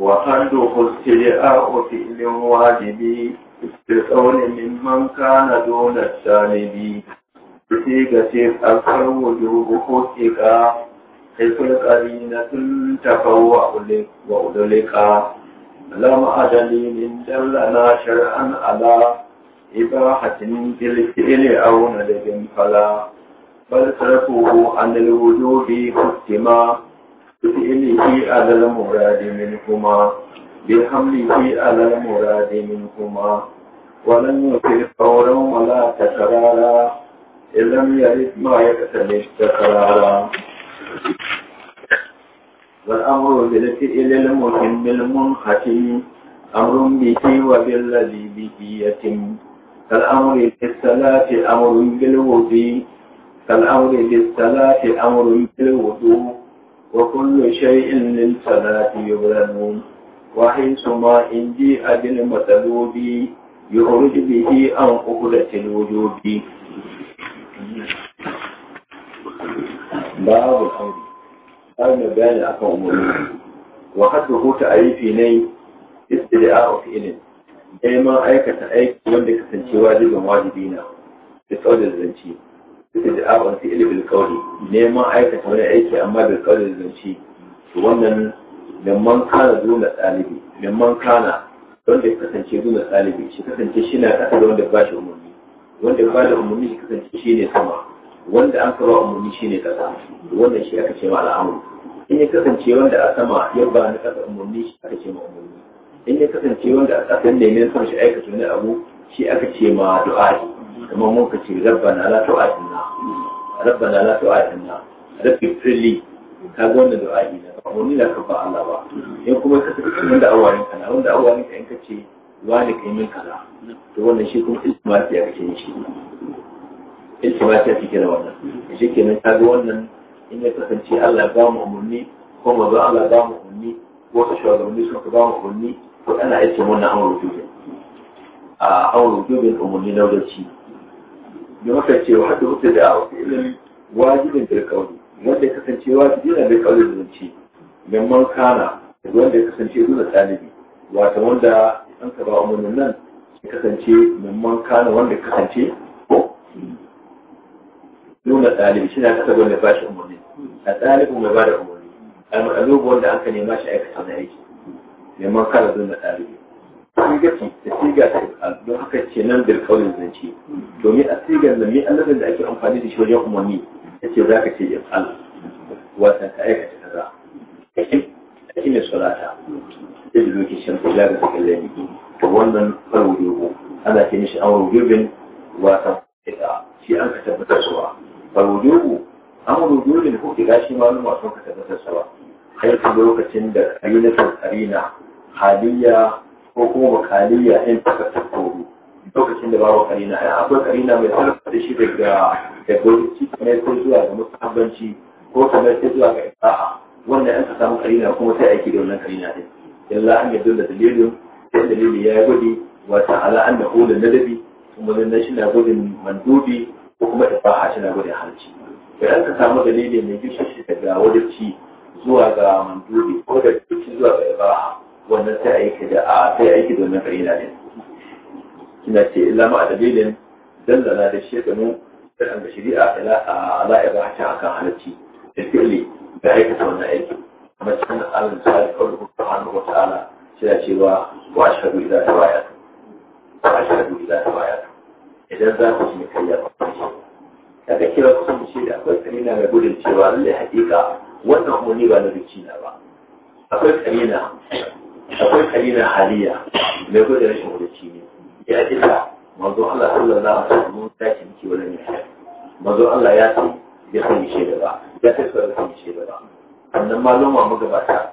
Wahandokun shirya a ofin ilimin wajibi, da tsaunin mimman kana donar shanibi. rufe ga ce an karwo jirgin ko ke ka kai kulkari na tun tafawo a wa ulalika lama adali ne dallana shar'an ala iba hatin bilfi'ili auna da bin fala bal tarfu an alwujubi kutima bilfi'ili fi adal muradi min kuma bilhamli fi adal muradi min kuma walan yufi fawran wala tasarara idan ya yi ma ya kasa ne shi ta karara wal amru bil fi'l lil muhim mun khatim amrun bi wa bil ladhi bi kal amru bis salati amrun bil wudi kal amru bis salati amrun bil wudu wa kullu shay'in lil salati yuradu wa suma indi adil matalubi yuhruju bihi an ukhudatil wujubi babu kauri har mai bayani akan umarni wa hadda huta a yi ne istida of ilin neman aikata aiki wanda kasance wajibin wajibi na da tsaudar zance istida of fi'il bil kauri neman aikata wani aiki amma da kauri zance to wannan memman kana duna ɗalibi memman kana wanda kasance duna ɗalibi shi kasance shi na kasar wanda ba shi umarni wanda ba da umarni shi kasance shi ne sama wanda an kaba umarni shi ne kasa wanda shi aka ce ma al'amur in ya kasance wanda a sama ya ba na kasa umarni shi aka ce ma umarni in ya kasance wanda a kasa neman ne son shi aikata wani abu shi aka ce ma du'a'i kamar mun ka ce rabbana la tu'adina rabbana la tu'adina rabbi fili ka ga wannan du'a'i na umarni na ka ba Allah ba in kuma ka kasance wanda awarin kana wanda awarin ka in ka ce wani kai min kaza to wannan shi kuma istimati ya kace shi istimati ya kike da wannan shi kenan ta ga wannan in ya kasance Allah ba mu umurni ko mu ba Allah ba mu umurni ko ta mu suka ba mu umurni to ana aikin wannan amuru jubin a amuru da umurni na wajen da muka ce wa hadu da a wasu ilimin wajibin bilkauli wanda ya kasance wajibi na bilkauli da zance man kana wanda ya kasance zuwa ɗalibi wata wanda an ka ba umarnin nan ya kasance mimman kano wanda kasance ko nuna ɗalibi shi na kasa wanda ba shi umarni a ɗalibin mai ba da umarni al'alubu wanda an ka nema shi aikata na aiki mimman kana nuna ɗalibi sigati da siga ta don haka ce nan bil kaulin zance domin a sigar da ni annabin da ake amfani da shi wajen umarni ce za ka ce ya Allah wata ka aikata kaza ila bi takallami to wannan tsaro ne ana ce mishi amru wa wasan ita shi an ka tabbatar suwa farujuhu amru girbin ko kira gashi ma malama sun ka tabbatar suwa kai su lokacin da ayyukan karina haliya ko kuma makaliya in ta tattauru lokacin da babu karina ya akwai karina mai talaka da shi daga dabbobi kamar ko zuwa ga musabanci ko kamar zuwa ga isa'a wannan an ka samu karina kuma sai aiki da wannan karina din illa an yadda da dalilin sai dalili ya gudu wata ala an da ƙolin kuma nan shi na gudun mandubi ko kuma ibaha shi na gudun halci idan ka samu dalili mai gishi daga wadaci zuwa ga mandubi ko da gishi zuwa ga ibaha wannan sai aiki da a sai aiki domin karina ne kina ce illa ma dalilin dallala da shekaru da an da da aiki kamar cikin subhanahu wa ta'ala suna cewa wa shahadu idza tawayatu wa shahadu idza tawayatu idan kira kusan ce da akwai kanina mai gudun cewa lallai hakika wannan umarni ba na zuci na ba akwai kanina akwai kanina haliya mai gudun rashin zuci ne ya kisa manzo Allah sallallahu alaihi wasallam ta ce miki wala ne manzo Allah ya ce ya san shi da ba ya ce sai ya san shi da ba annan malama magabata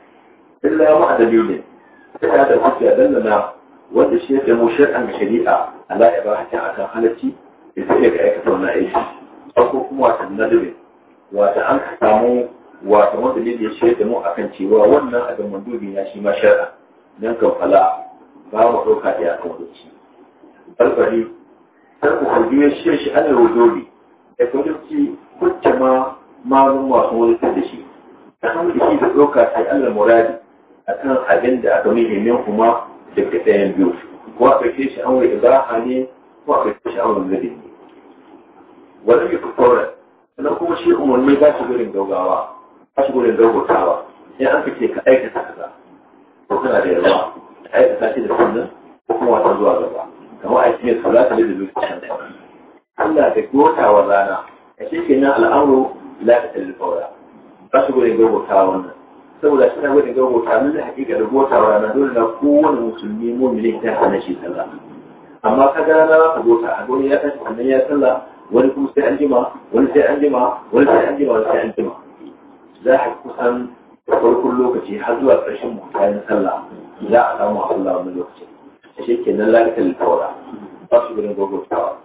illa ma da dalilin ta ya da kuka dallana wanda shi yake mu shar'an shari'a ala ibahatin akan halacci da sai ga aikata wannan aiki ko kuma wata nadiri wata an samu wata wanda ne ya shaida mu akan cewa wannan abin mandubi ya shi ma shar'a dan kan fala ba mu dauka da akan wuce barbari sai ku kujiye shi shi ana rudobi da kujiye kucce ma malum wasu wani da shi ta hanyar da shi da dauka sai Allah muradi akan abin da aka muhimmin kuma da ke ɗayan biyu ko a kashe shi an wani ibaha ne ko a kashe shi an wani zabi ne wani mai kusurin sannan kuma shi umarni ba shi gurin gaugawa ba shi gurin gaugautawa sai an kace ka aikata kaza ko kana da yawa Ka aikata shi da kullum ko kuma wata zuwa gaba kamar a cikin salata da zuwa kusan Allah da gota wa rana a cikin al'amuru la ta tallafa ba shi gurin gaugautawa wannan saboda suna wani ga bauta mun da hakika da bauta wa na dole na kowane musulmi mu'mini ta hana shi sallah amma ka ga na ka bauta a gurin ya tashi wannan ya sallah wani kuma sai an jima wani sai an jima wani sai an jima wani sai an jima za a kusan farkon lokaci har zuwa ƙarshen bayan sallah za a samu a sallah wani lokaci shi ke nan lalitar littaura ba su gurin gwagwatawa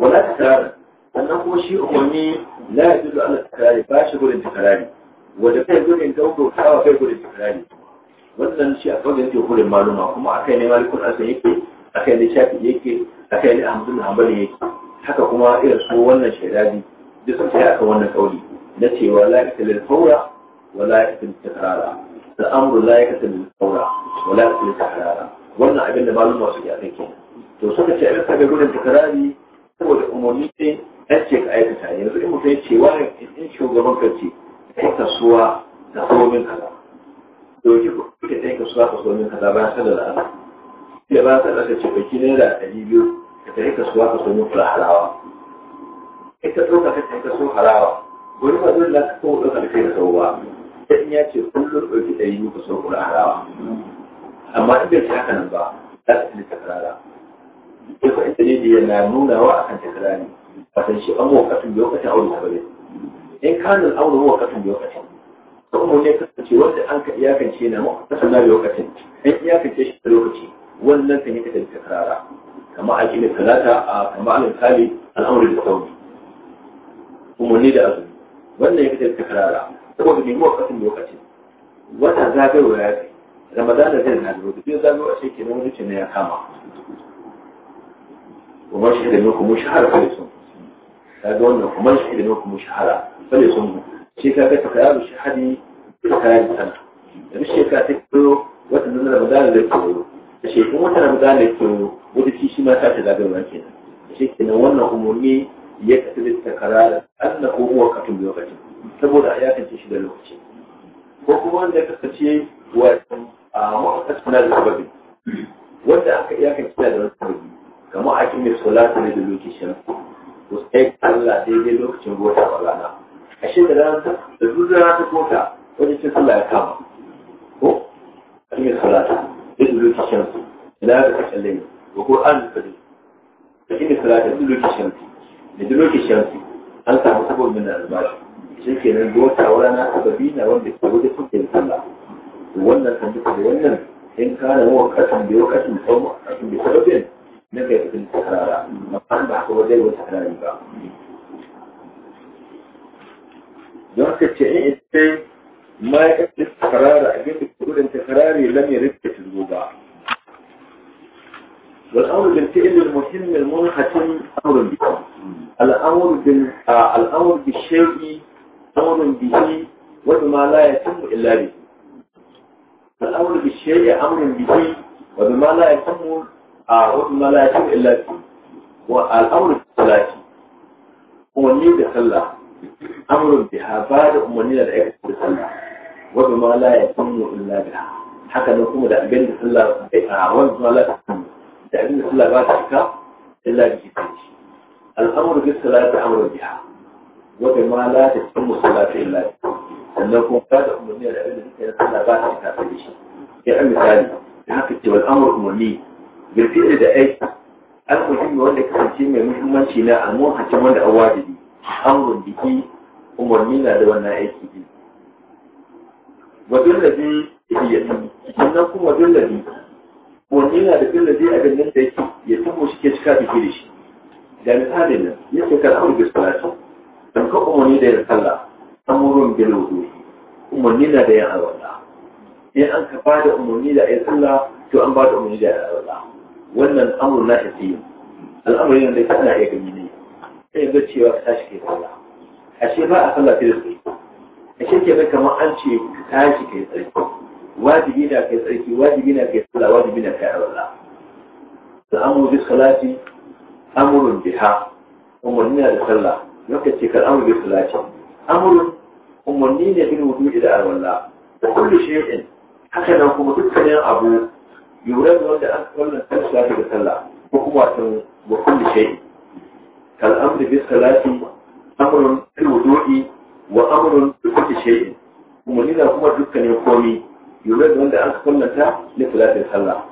wala ta sannan kuma shi umarni la ya dudu ala takarari ba shi gurin takarari wanda kai gudun dauko kawa kai gudun tikrari wannan shi a kawai yake gudun maluma kuma a kai ne malikun asa yake kai ne shafi yake kai ne na hambali yake haka kuma irin su wannan shaidadi duk sun sai akan wannan kauli na cewa la yakta lil fawra wa la yakta lil takrara al amru la yakta lil fawra wa la lil takrara wannan abin da maluma suke akai kenan to suka ce a ga gudun tikrari saboda umarni sai ɗan ce ka aikata yanzu in mutum ya ce wani in shugaban ka ce kai kasuwa ka so min kaza doki ko kike kai kasuwa ka so min kaza bayan sallar asar sai ba ta daga ce baki da ɗari biyu ka kai kasuwa ka so min kula halawa kai ka ɗauka ka kai kasuwa halawa wani ba zai lafi ko ɗauka da kai da sau ba sai in ya ce kullum ɗauki ɗari biyu ka so kula halawa amma in bai ci haka nan ba za ka tuni takarara sai ko ita ne da yana nuna wa a kan takarari a san shi an mawakatun lokacin aure ta bare in kanin aure wa kasan da lokacin to mun ne kasance wanda an ka iyakance na mu kasan da lokacin in iyakance shi da lokaci wannan kan yi ta takrara kamar a kila talata a kamar alal kali al'amuri da sauri umarni da azumi wannan ya ta takrara saboda bai wa kasan lokacin wata zagayowa ya kai ramadan da zai na da zai zagayo a shi kenan wani na ya kama Kuma shi da kuma. شهد منكم شهر wannan kuma shi وما شهد منكم shahara. bale sun shi ka kai faka yaro shi hadi faka yaro sana da shi ka ta kiro wata nan ramadan da kiro da shi kuma wata ramadan da kiro wata shi shi ma ta ta zagaye wannan kenan shi kenan wannan umarni ya kasu da takarara annahu huwa katun lokacin saboda ya kace shi da lokaci ko kuma wanda ya kasance wato a mu'tasuna da sababi wanda aka iya kace da wani sababi kamar a kimi salatu ne da lokacin ko sai Allah daidai lokacin gota wa rana ashe da ranar da zuzzura ta kota wani ce sallah ya kama ko a cikin salata ya dulo kishin su ina ga kashin lai ba ko an fadi a cikin salata dulo kishin su da duk kishin su an samu saboda min albashi shi ke nan gota wa rana sababi na wanda ke wajen kuke sallah wannan sanduka da wannan in kana wa kasan biyo kasan tsawon a cikin sababin na ga cikin sakarara amma ba haka wajen wata karari ba don ce in ita ma ya kasu karara abin da kudin ta karari lam ya rikta والأمر بالفعل المهم المنحتم أمر به الأمر بال آه، الأمر بالشيء أمر به وبما لا يتم إلا به الأمر بالشيء أمر به وبما لا يتم آه، وبما لا يتم إلا به والأمر بالصلاة هو النية بالصلاة amurin biha ba da umarni da aika sallah wadda ma la ya kunu illa biha haka nan kuma da abin sallah ba ta cika illa bi shi kai shi al'amuru bi salati amurin biha wadda ma la da umarni da da suka yi sallah ba ta cika sai shi ya misali da haka ce wal amru umarni bil fi'li da aiki al-muhimmi wanda kasance mai muhimmanci na al-muhimmanci wanda an wajibi angon jiki umarni na da wannan aiki ne wajen da zai ya tafi sannan kuma wajen da zai umarni na da bin da zai abin nan da yake ya tafi shi ke cika jiki da shi da misalin nan ya ce kan aure gaskiya salatu dan ka umarni da yin sallah amurun bil wuri. umarni na da yin alwala in an ka ba da umarni da yin sallah to an ba da umarni da yin alwala wannan amurna na tafi al'amarin da kana iya gani ne sai ga cewa ka tashi ke sallah ashe ba a sallah sai da ashe ke mai kamar an ce ka tashi kai tsarki wajibi na kai tsarki wajibi na kai sallah wajibi na kai alwala da amuru bi salati amurun biha umarni na da sallah lokaci kal amuru bi salati amurun umarni ne bin wudu da alwala da kullu shay'in haka nan kuma dukkanin abu yura da wanda an wannan sallah da sallah ko kuma wato wa kullu shay'in فالأمر بالصلاه أمر في الوضوء وأمر بكل شيء ومن هنا هو دكتن يقومي يريد أن أكون نتاع لصلاة الصلاة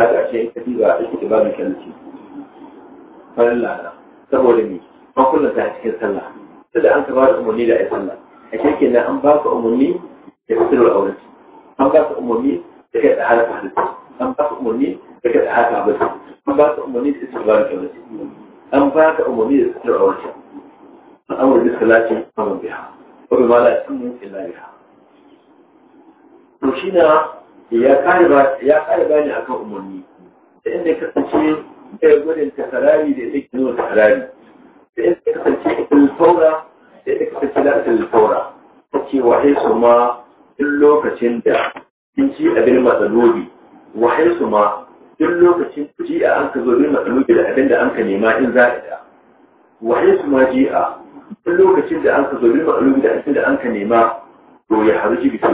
هذا شيء كثير اكتباب كالتي فلن لا لا سبو لمي ما كل نتاع تكي الصلاة إذا أنت بارك أمني لا يصلى أشيك أن أنباك أمني يفصل الأولى أنباك أمني تكي أحالك أحالك أنباك أمني تكي أحالك أحالك أنباك أمني تكي أحالك أحالك an ba ka umarni da sutura a wancan an amur da salatin amur biya ko bi mala in mun illa biya to shi na ya kare ba ya kare akan umarni da inda ya kasance bai gudun takarari da ya take nuna takarari da inda ya kasance ilfaura da ya kasance da ilfaura ta ce wahai su ma duk lokacin da in ci abin matsalobi wahai su ma duk lokacin ji'a an ka zo bin matsalubi da abin da an ka nema in za a da waye su ma ji'a duk lokacin da an ka zo bin matsalubi da abin da an ka nema to ya haru jibiti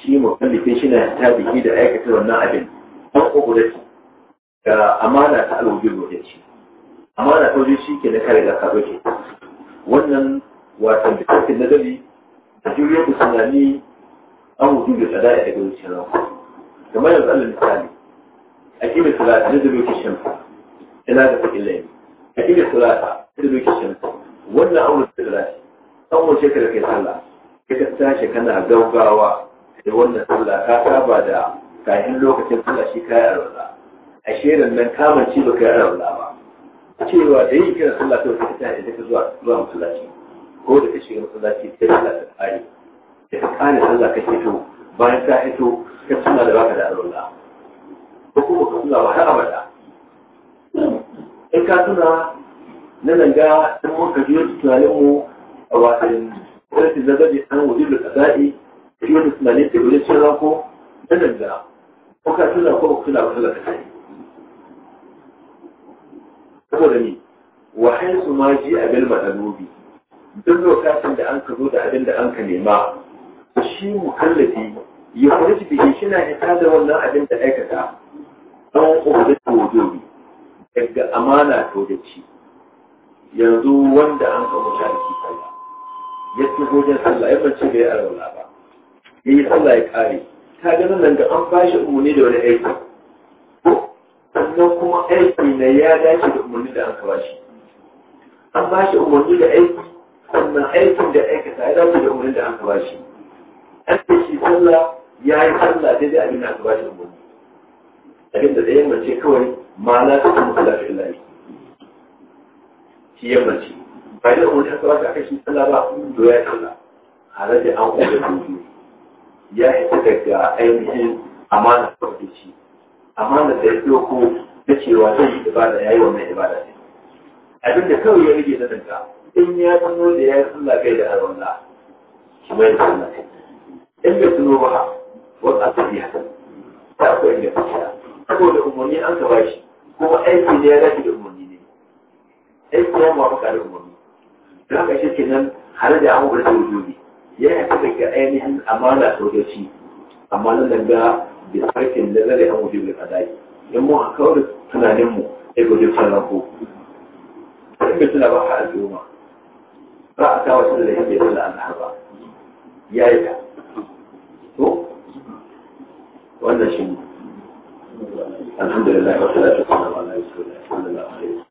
shi ne mafallifin shi na ta biki da aikata wannan abin an ƙwaƙwadaki da amana ta alwujin rojanci amana ta wajen shi ke na kare da karo ke wannan wasan da kafin nazari da juriyar tunani an hujju da tsada a daga wucin rawa kamar yanzu alal misali أجيب الثلاثة ندلو كشم ثلاثة في الليل أجيب الثلاثة ندلو كشم ولا أول الثلاثة أول شيء كده كده هلا كده تاشي كان عدوكا ولا الثلاثة كاتبا دا كاين لوكتين كل شيء كاير ولا أشير من كامل شيء بكاير ولا ما cewa da yi kira sallah to ka tashi da ka zuwa zuwa masallaci ko da ka shiga masallaci sai sallah ta tsari da ka kare sallah ka fito bayan ka fito ka tuna da baka da alwala ba kuma ka tuna ba har abada in ka tuna na zanga in muka biyo tunanin mu a wasan sarki zagaje an wajen da tsada'i yi wani tunanin da wajen cin rako na zanga ko ka tuna ko ba tuna ba sallar kai saboda ni wa su ma ji a bil matalobi duk lokacin da an ka zo da abin da an ka nema shi mukallafi ya kwarci bihi shi na hita da wannan abin da aikata don ƙoƙarin wujuri daga amana to da ci yanzu wanda an ka mutu aiki sallah ya ci gojin sallah ya mace bai alwala ba ya yi sallah ya ƙare ta ganin nan da an bashi umarni da wani aiki sannan kuma aiki na ya dace da umarni da an ka bashi an bashi umarni da aiki sannan aikin da aikata ya dace da umarni da an ka bashi an ce shi sallah ya yi sallah daidai abin da aka bashi umarni abin da ɗayan mace kawai ma na ta kuma kula fi layi shi ya mace ba da wani ta kawai aka shi sallah ba Do ya kalla halar da an kuma da ya yi fita daga ainihin amana ta kwafi shi amana da ya fi ko na cewa zai yi ibada ya yi wa mai ibada ne abin da kawai ya rage na danka in ya tuno da ya yi sallah kai da alwala shi mai sallah in bai tuno ba wata tafiya ta akwai ne ta saboda umarni an ka bashi kuma aiki da ya dace da umarni ne aiki ya mawafaka da umarni da haka shi ke nan hare da da wurin ne ya yi ta daga ainihin amana sojoji amma nan daga da sarkin da zai an wujubi da kadai in mun haka wani mu ya gudu sannan ko ba tuna ba ha al'umma ba a kawo shi da yake da Allah ba ya yi ta to wannan shi ne Alhamdulillah, wassalamualaikum warahmatullahi wabarakatuh.